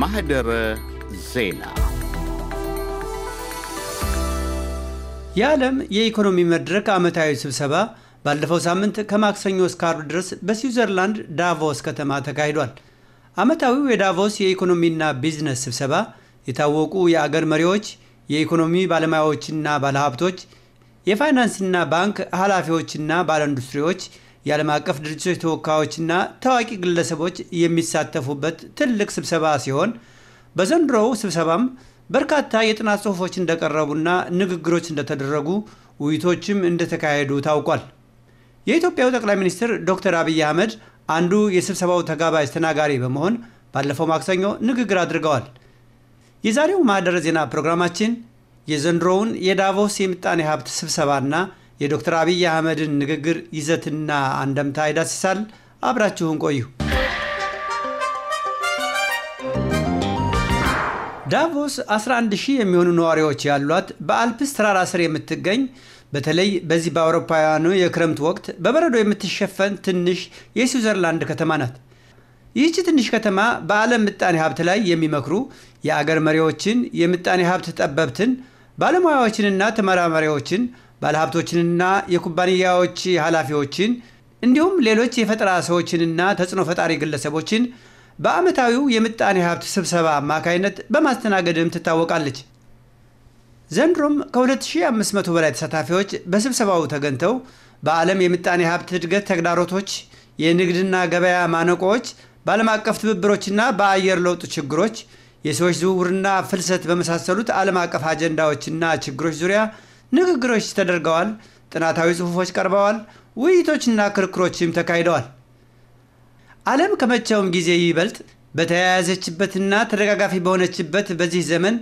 ማህደረ ዜና የዓለም የኢኮኖሚ መድረክ ዓመታዊ ስብሰባ ባለፈው ሳምንት ከማክሰኞ እስከ ዓርብ ድረስ በስዊዘርላንድ ዳቮስ ከተማ ተካሂዷል። ዓመታዊው የዳቮስ የኢኮኖሚና ቢዝነስ ስብሰባ የታወቁ የአገር መሪዎች፣ የኢኮኖሚ ባለሙያዎችና ባለሀብቶች፣ የፋይናንስና ባንክ ኃላፊዎችና ባለኢንዱስትሪዎች የዓለም አቀፍ ድርጅቶች ተወካዮችና ታዋቂ ግለሰቦች የሚሳተፉበት ትልቅ ስብሰባ ሲሆን በዘንድሮው ስብሰባም በርካታ የጥናት ጽሑፎች እንደቀረቡና ንግግሮች እንደተደረጉ ውይይቶችም እንደተካሄዱ ታውቋል። የኢትዮጵያው ጠቅላይ ሚኒስትር ዶክተር አብይ አህመድ አንዱ የስብሰባው ተጋባዥ ተናጋሪ በመሆን ባለፈው ማክሰኞ ንግግር አድርገዋል። የዛሬው ማህደረ ዜና ፕሮግራማችን የዘንድሮውን የዳቮስ የምጣኔ ሀብት ስብሰባና የዶክተር አብይ አህመድን ንግግር ይዘትና አንደምታ ይዳስሳል። አብራችሁን ቆዩ። ዳቮስ 11 ሺህ የሚሆኑ ነዋሪዎች ያሏት በአልፕስ ተራራ ስር የምትገኝ በተለይ በዚህ በአውሮፓውያኑ የክረምት ወቅት በበረዶ የምትሸፈን ትንሽ የስዊዘርላንድ ከተማ ናት። ይህች ትንሽ ከተማ በዓለም ምጣኔ ሀብት ላይ የሚመክሩ የአገር መሪዎችን፣ የምጣኔ ሀብት ጠበብትን፣ ባለሙያዎችንና ተመራማሪዎችን ባለሀብቶችንና የኩባንያዎች ኃላፊዎችን እንዲሁም ሌሎች የፈጠራ ሰዎችንና ተጽዕኖ ፈጣሪ ግለሰቦችን በዓመታዊው የምጣኔ ሀብት ስብሰባ አማካይነት በማስተናገድም ትታወቃለች። ዘንድሮም ከ2500 በላይ ተሳታፊዎች በስብሰባው ተገኝተው በዓለም የምጣኔ ሀብት እድገት ተግዳሮቶች፣ የንግድና ገበያ ማነቆዎች፣ በዓለም አቀፍ ትብብሮችና በአየር ለውጥ ችግሮች፣ የሰዎች ዝውውርና ፍልሰት በመሳሰሉት ዓለም አቀፍ አጀንዳዎችና ችግሮች ዙሪያ ንግግሮች ተደርገዋል፣ ጥናታዊ ጽሑፎች ቀርበዋል፣ ውይይቶችና ክርክሮችም ተካሂደዋል። ዓለም ከመቼውም ጊዜ ይበልጥ በተያያዘችበትና ተደጋጋፊ በሆነችበት በዚህ ዘመን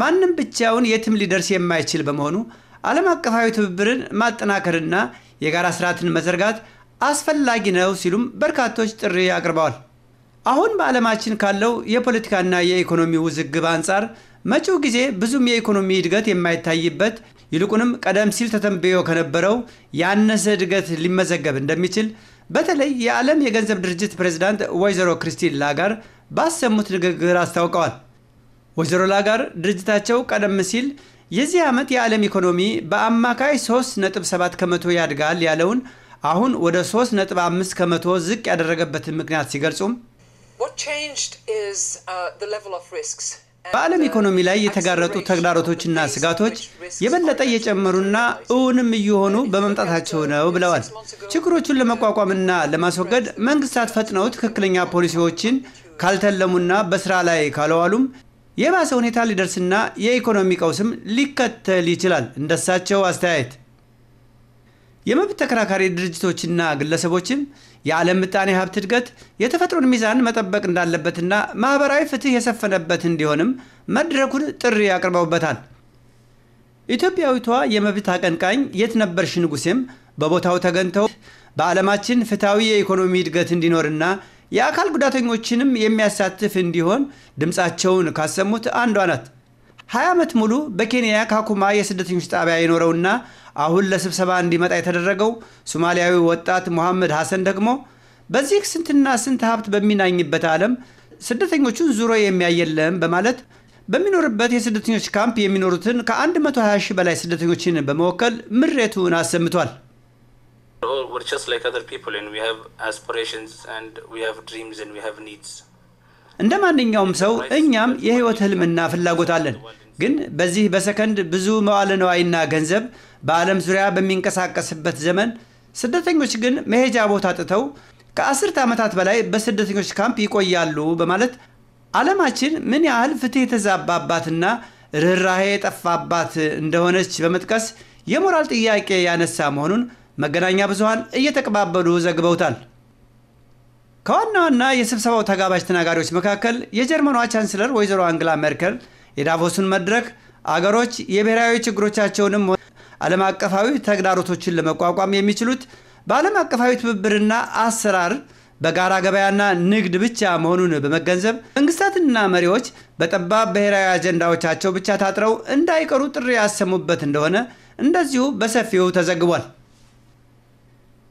ማንም ብቻውን የትም ሊደርስ የማይችል በመሆኑ ዓለም አቀፋዊ ትብብርን ማጠናከርና የጋራ ስርዓትን መዘርጋት አስፈላጊ ነው ሲሉም በርካቶች ጥሪ አቅርበዋል። አሁን በዓለማችን ካለው የፖለቲካና የኢኮኖሚ ውዝግብ አንጻር መጪው ጊዜ ብዙም የኢኮኖሚ እድገት የማይታይበት ይልቁንም ቀደም ሲል ተተንብዮ ከነበረው ያነሰ እድገት ሊመዘገብ እንደሚችል በተለይ የዓለም የገንዘብ ድርጅት ፕሬዚዳንት ወይዘሮ ክርስቲን ላጋር ባሰሙት ንግግር አስታውቀዋል። ወይዘሮ ላጋር ድርጅታቸው ቀደም ሲል የዚህ ዓመት የዓለም ኢኮኖሚ በአማካይ 3.7 ከመቶ ያድጋል ያለውን አሁን ወደ 3.5 ከመቶ ዝቅ ያደረገበትን ምክንያት ሲገልጹም በዓለም ኢኮኖሚ ላይ የተጋረጡ ተግዳሮቶችና ስጋቶች የበለጠ እየጨመሩና እውንም እየሆኑ በመምጣታቸው ነው ብለዋል። ችግሮቹን ለመቋቋምና ለማስወገድ መንግስታት ፈጥነው ትክክለኛ ፖሊሲዎችን ካልተለሙና በስራ ላይ ካለዋሉም የባሰ ሁኔታ ሊደርስና የኢኮኖሚ ቀውስም ሊከተል ይችላል እንደሳቸው አስተያየት የመብት ተከራካሪ ድርጅቶችና ግለሰቦችም የዓለም ምጣኔ ሀብት እድገት የተፈጥሮን ሚዛን መጠበቅ እንዳለበትና ማኅበራዊ ፍትህ የሰፈነበት እንዲሆንም መድረኩን ጥሪ ያቅርበውበታል። ኢትዮጵያዊቷ የመብት አቀንቃኝ የት ነበርሽ ንጉሴም በቦታው ተገኝተው በዓለማችን ፍትሐዊ የኢኮኖሚ እድገት እንዲኖርና የአካል ጉዳተኞችንም የሚያሳትፍ እንዲሆን ድምፃቸውን ካሰሙት አንዷ ናት። ሀያ ዓመት ሙሉ በኬንያ ካኩማ የስደተኞች ጣቢያ የኖረውና አሁን ለስብሰባ እንዲመጣ የተደረገው ሶማሊያዊ ወጣት ሙሐመድ ሐሰን ደግሞ በዚህ ስንትና ስንት ሀብት በሚናኝበት ዓለም ስደተኞቹን ዙሮ የሚያየለም በማለት በሚኖርበት የስደተኞች ካምፕ የሚኖሩትን ከ120 ሺህ በላይ ስደተኞችን በመወከል ምሬቱን አሰምቷል። We're just like other people and we have aspirations and we have dreams and we have needs. እንደ ማንኛውም ሰው እኛም የህይወት ህልምና ፍላጎት አለን። ግን በዚህ በሰከንድ ብዙ መዋለ ነዋይና ገንዘብ በዓለም ዙሪያ በሚንቀሳቀስበት ዘመን ስደተኞች ግን መሄጃ ቦታ ጥተው ከአስርት ዓመታት በላይ በስደተኞች ካምፕ ይቆያሉ በማለት ዓለማችን ምን ያህል ፍትህ የተዛባባትና ርኅራሄ የጠፋባት እንደሆነች በመጥቀስ የሞራል ጥያቄ ያነሳ መሆኑን መገናኛ ብዙሃን እየተቀባበሉ ዘግበውታል። ከዋና ዋና የስብሰባው ተጋባዥ ተናጋሪዎች መካከል የጀርመኗ ቻንስለር ወይዘሮ አንግላ ሜርከል የዳቮሱን መድረክ አገሮች የብሔራዊ ችግሮቻቸውንም ዓለም አቀፋዊ ተግዳሮቶችን ለመቋቋም የሚችሉት በዓለም አቀፋዊ ትብብርና አሰራር በጋራ ገበያና ንግድ ብቻ መሆኑን በመገንዘብ መንግስታትና መሪዎች በጠባብ ብሔራዊ አጀንዳዎቻቸው ብቻ ታጥረው እንዳይቀሩ ጥሪ ያሰሙበት እንደሆነ እንደዚሁ በሰፊው ተዘግቧል።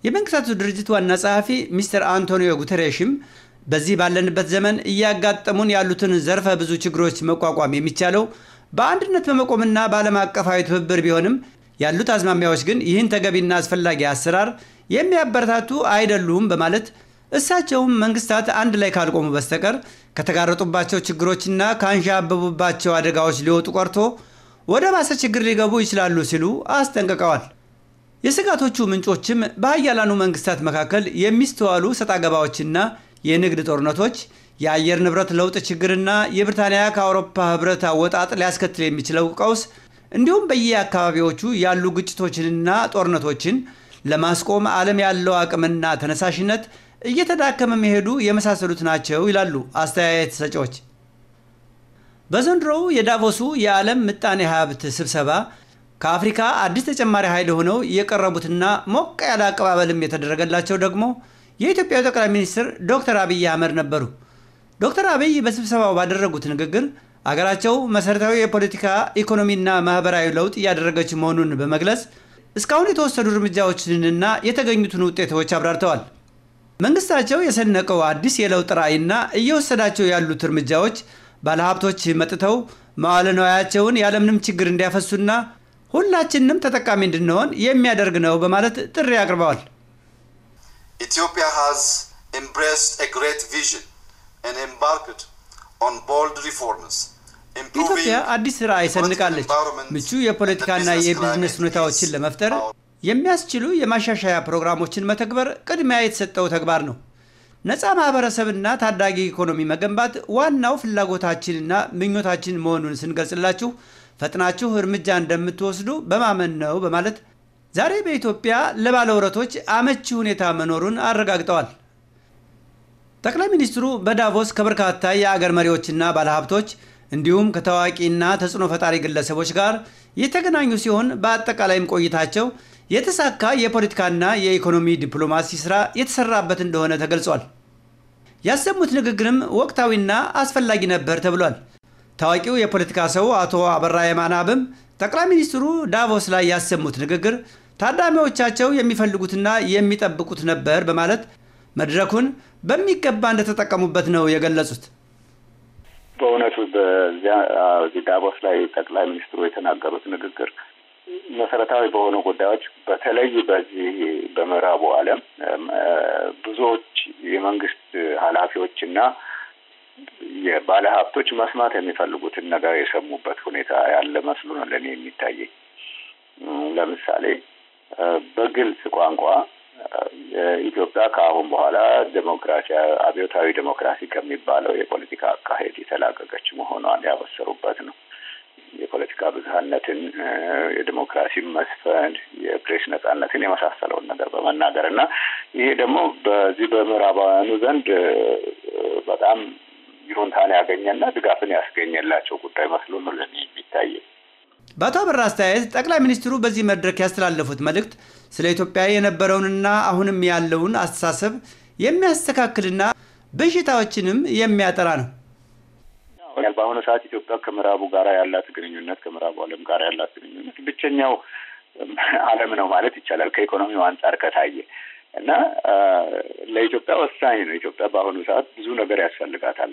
የመንግስታቱ ድርጅት ዋና ጸሐፊ ሚስተር አንቶኒዮ ጉተሬሽም በዚህ ባለንበት ዘመን እያጋጠሙን ያሉትን ዘርፈ ብዙ ችግሮች መቋቋም የሚቻለው በአንድነት በመቆምና በዓለም አቀፋዊ ትብብር ቢሆንም ያሉት አዝማሚያዎች ግን ይህን ተገቢና አስፈላጊ አሰራር የሚያበረታቱ አይደሉም በማለት እሳቸውም መንግስታት አንድ ላይ ካልቆሙ በስተቀር ከተጋረጡባቸው ችግሮችና ካንዣበቡባቸው አደጋዎች ሊወጡ ቀርቶ ወደ ባሰ ችግር ሊገቡ ይችላሉ ሲሉ አስጠንቅቀዋል። የስጋቶቹ ምንጮችም በሀያላኑ መንግስታት መካከል የሚስተዋሉ ሰጣገባዎችና የንግድ ጦርነቶች፣ የአየር ንብረት ለውጥ ችግርና የብሪታንያ ከአውሮፓ ህብረት አወጣጥ ሊያስከትል የሚችለው ቀውስ እንዲሁም በየአካባቢዎቹ ያሉ ግጭቶችንና ጦርነቶችን ለማስቆም ዓለም ያለው አቅምና ተነሳሽነት እየተዳከመ መሄዱ የመሳሰሉት ናቸው ይላሉ አስተያየት ሰጪዎች። በዘንድሮው የዳቮሱ የዓለም ምጣኔ ሀብት ስብሰባ ከአፍሪካ አዲስ ተጨማሪ ኃይል ሆነው የቀረቡትና ሞቅ ያለ አቀባበልም የተደረገላቸው ደግሞ የኢትዮጵያ ጠቅላይ ሚኒስትር ዶክተር አብይ አህመድ ነበሩ። ዶክተር አብይ በስብሰባው ባደረጉት ንግግር አገራቸው መሰረታዊ የፖለቲካ ኢኮኖሚና ማህበራዊ ለውጥ እያደረገች መሆኑን በመግለጽ እስካሁን የተወሰዱ እርምጃዎችንና የተገኙትን ውጤቶች አብራርተዋል። መንግስታቸው የሰነቀው አዲስ የለውጥ ራዕይና እየወሰዳቸው ያሉት እርምጃዎች ባለሀብቶች መጥተው መዋለ ንዋያቸውን ያለምንም ችግር እንዲያፈሱና ሁላችንም ተጠቃሚ እንድንሆን የሚያደርግ ነው በማለት ጥሪ አቅርበዋል። ኢትዮጵያ ሃዝ ኤምብሬስድ ኤ ግሬት ቪዥን ኤንድ ኤምባርክድ ኦን ቦልድ ሪፎርምስ ኢትዮጵያ አዲስ ራዕይ ሰንቃለች። ምቹ የፖለቲካና የቢዝነስ ሁኔታዎችን ለመፍጠር የሚያስችሉ የማሻሻያ ፕሮግራሞችን መተግበር ቅድሚያ የተሰጠው ተግባር ነው። ነፃ ማህበረሰብና ታዳጊ ኢኮኖሚ መገንባት ዋናው ፍላጎታችንና ምኞታችን መሆኑን ስንገልጽላችሁ ፈጥናችሁ እርምጃ እንደምትወስዱ በማመን ነው በማለት ዛሬ በኢትዮጵያ ለባለውረቶች አመቺ ሁኔታ መኖሩን አረጋግጠዋል። ጠቅላይ ሚኒስትሩ በዳቮስ ከበርካታ የአገር መሪዎችና ባለሀብቶች እንዲሁም ከታዋቂና ተጽዕኖ ፈጣሪ ግለሰቦች ጋር የተገናኙ ሲሆን በአጠቃላይም ቆይታቸው የተሳካ የፖለቲካና የኢኮኖሚ ዲፕሎማሲ ስራ የተሰራበት እንደሆነ ተገልጿል። ያሰሙት ንግግርም ወቅታዊና አስፈላጊ ነበር ተብሏል። ታዋቂው የፖለቲካ ሰው አቶ አበራ የማናብም ጠቅላይ ሚኒስትሩ ዳቮስ ላይ ያሰሙት ንግግር ታዳሚዎቻቸው የሚፈልጉትና የሚጠብቁት ነበር በማለት መድረኩን በሚገባ እንደተጠቀሙበት ነው የገለጹት። በእውነቱ በዚያ ዳቮስ ላይ ጠቅላይ ሚኒስትሩ የተናገሩት ንግግር መሰረታዊ በሆኑ ጉዳዮች በተለይ በዚህ በምዕራቡ ዓለም ብዙዎች የመንግስት ኃላፊዎች እና የባለ ሀብቶች መስማት የሚፈልጉትን ነገር የሰሙበት ሁኔታ ያለ መስሉ ነው ለእኔ የሚታየኝ። ለምሳሌ በግልጽ ቋንቋ ኢትዮጵያ ከአሁን በኋላ ዴሞክራሲ አብዮታዊ ዴሞክራሲ ከሚባለው የፖለቲካ አካሄድ የተላቀቀች መሆኗን ያበሰሩበት ነው። የፖለቲካ ብዝሃነትን፣ የዲሞክራሲን መስፈን፣ የፕሬስ ነጻነትን የመሳሰለውን ነገር በመናገር እና ይሄ ደግሞ በዚህ በምዕራባውያኑ ዘንድ በጣም ይሁንታን ያገኘና ድጋፍን ያስገኘላቸው ጉዳይ መስሎ ነው ለእኔ የሚታይ። በአቶ አበራ አስተያየት ጠቅላይ ሚኒስትሩ በዚህ መድረክ ያስተላለፉት መልእክት ስለ ኢትዮጵያ የነበረውንና አሁንም ያለውን አስተሳሰብ የሚያስተካክልና በሽታዎችንም የሚያጠራ ነው። በአሁኑ ሰዓት ኢትዮጵያ ከምዕራቡ ጋር ያላት ግንኙነት ከምዕራቡ ዓለም ጋር ያላት ግንኙነት ብቸኛው ዓለም ነው ማለት ይቻላል ከኢኮኖሚው አንጻር ከታየ እና ለኢትዮጵያ ወሳኝ ነው። ኢትዮጵያ በአሁኑ ሰዓት ብዙ ነገር ያስፈልጋታል።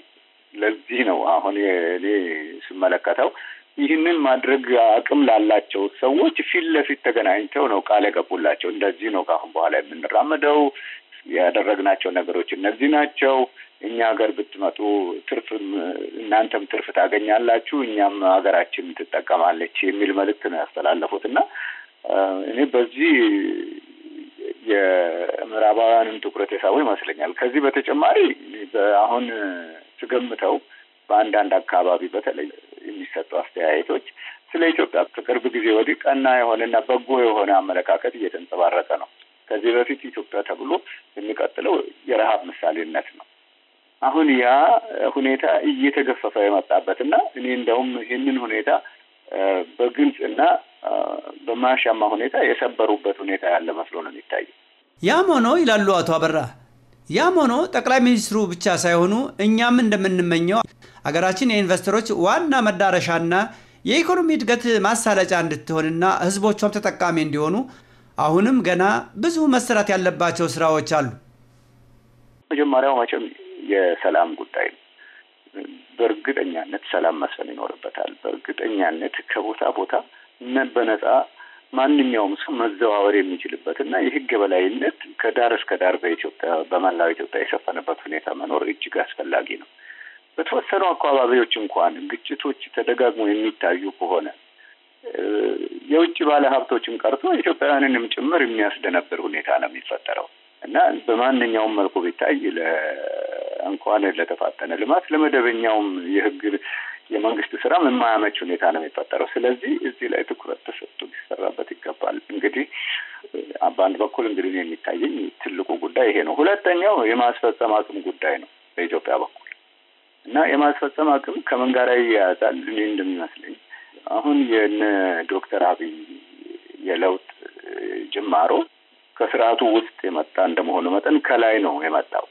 ነው አሁን እኔ ስመለከተው። ይህንን ማድረግ አቅም ላላቸው ሰዎች ፊት ለፊት ተገናኝተው ነው ቃል የገቡላቸው። እንደዚህ ነው ከአሁን በኋላ የምንራመደው፣ ያደረግናቸው ነገሮች እነዚህ ናቸው። እኛ ሀገር ብትመጡ ትርፍም እናንተም ትርፍ ታገኛላችሁ፣ እኛም ሀገራችን ትጠቀማለች የሚል መልእክት ነው ያስተላለፉት እና እኔ በዚህ የምዕራባውያንም ትኩረት የሳቡ ይመስለኛል። ከዚህ በተጨማሪ አሁን ስገምተው በአንዳንድ አካባቢ በተለይ የሚሰጡ አስተያየቶች ስለ ኢትዮጵያ ከቅርብ ጊዜ ወዲህ ቀና የሆነና በጎ የሆነ አመለካከት እየተንጸባረቀ ነው። ከዚህ በፊት ኢትዮጵያ ተብሎ የሚቀጥለው የረሃብ ምሳሌነት ነው። አሁን ያ ሁኔታ እየተገፈፈ የመጣበት እና እኔ እንደውም ይህንን ሁኔታ በግልጽ እና በማያሻማ ሁኔታ የሰበሩበት ሁኔታ ያለ መስሎ ነው የሚታየው። ያም ሆኖ ይላሉ አቶ አበራ ያም ሆኖ ጠቅላይ ሚኒስትሩ ብቻ ሳይሆኑ እኛም እንደምንመኘው አገራችን የኢንቨስተሮች ዋና መዳረሻና የኢኮኖሚ እድገት ማሳለጫ እንድትሆንና ህዝቦቿም ተጠቃሚ እንዲሆኑ አሁንም ገና ብዙ መሰራት ያለባቸው ስራዎች አሉ። መጀመሪያው መቼም የሰላም ጉዳይ ነው። በእርግጠኛነት ሰላም መስፈን ይኖርበታል። በእርግጠኛነት ከቦታ ቦታ በነጻ ማንኛውም ሰው መዘዋወር የሚችልበት እና የህግ የበላይነት ከዳር እስከ ዳር በኢትዮጵያ በመላው ኢትዮጵያ የሰፈነበት ሁኔታ መኖር እጅግ አስፈላጊ ነው። በተወሰኑ አካባቢዎች እንኳን ግጭቶች ተደጋግሞ የሚታዩ ከሆነ የውጭ ባለሀብቶችን ቀርቶ ኢትዮጵያውያንንም ጭምር የሚያስደነብር ሁኔታ ነው የሚፈጠረው እና በማንኛውም መልኩ ቢታይ እንኳን ለተፋጠነ ልማት ለመደበኛውም የህግ የመንግስት ስራ የማያመች ሁኔታ ነው የሚፈጠረው። ስለዚህ እዚህ ላይ ትኩረት ተሰጥቶ ሊሰራበት ይገባል። እንግዲህ በአንድ በኩል እንግዲህ የሚታየኝ ትልቁ ጉዳይ ይሄ ነው። ሁለተኛው የማስፈጸም አቅም ጉዳይ ነው በኢትዮጵያ በኩል እና የማስፈጸም አቅም ከምን ጋር ይያያዛል? እኔ እንደሚመስለኝ አሁን የነ ዶክተር አብይ የለውጥ ጅማሮ ከስርዓቱ ውስጥ የመጣ እንደመሆኑ መጠን ከላይ ነው የመጣው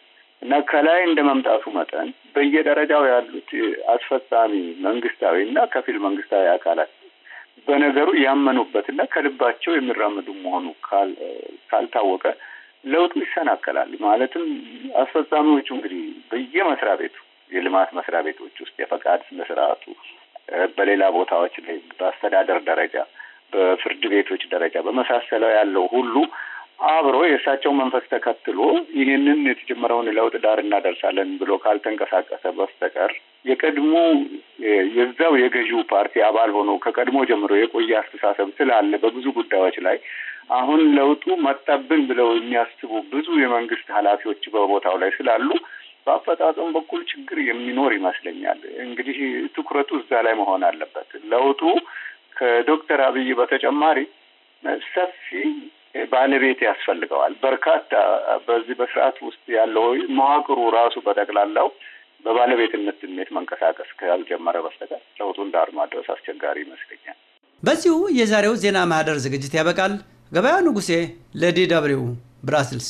እና ከላይ እንደ መምጣቱ መጠን በየደረጃው ያሉት አስፈጻሚ መንግስታዊ እና ከፊል መንግስታዊ አካላት በነገሩ ያመኑበትና ከልባቸው የሚራመዱ መሆኑ ካልታወቀ ለውጡ ይሰናከላል። ማለትም አስፈጻሚዎቹ እንግዲህ በየመስሪያ ቤቱ የልማት መስሪያ ቤቶች ውስጥ የፈቃድ ስነ ስርዓቱ፣ በሌላ ቦታዎች ላይ በአስተዳደር ደረጃ፣ በፍርድ ቤቶች ደረጃ በመሳሰለው ያለው ሁሉ አብሮ የእሳቸው መንፈስ ተከትሎ ይህንን የተጀመረውን ለውጥ ዳር እናደርሳለን ብሎ ካልተንቀሳቀሰ በስተቀር የቀድሞ የዛው የገዢው ፓርቲ አባል ሆኖ ከቀድሞ ጀምሮ የቆየ አስተሳሰብ ስላለ በብዙ ጉዳዮች ላይ አሁን ለውጡ መጣብን ብለው የሚያስቡ ብዙ የመንግስት ኃላፊዎች በቦታው ላይ ስላሉ በአፈጣጠም በኩል ችግር የሚኖር ይመስለኛል። እንግዲህ ትኩረቱ እዛ ላይ መሆን አለበት። ለውጡ ከዶክተር አብይ በተጨማሪ ሰፊ ባለቤት ያስፈልገዋል። በርካታ በዚህ በስርዓት ውስጥ ያለው መዋቅሩ ራሱ በጠቅላላው በባለቤትነት ስሜት መንቀሳቀስ ካልጀመረ በስተቀር ለውጡን ዳር ማድረስ አስቸጋሪ ይመስለኛል። በዚሁ የዛሬው ዜና ማህደር ዝግጅት ያበቃል። ገበያው ንጉሴ ለዲ ደብልዩ ብራስልስ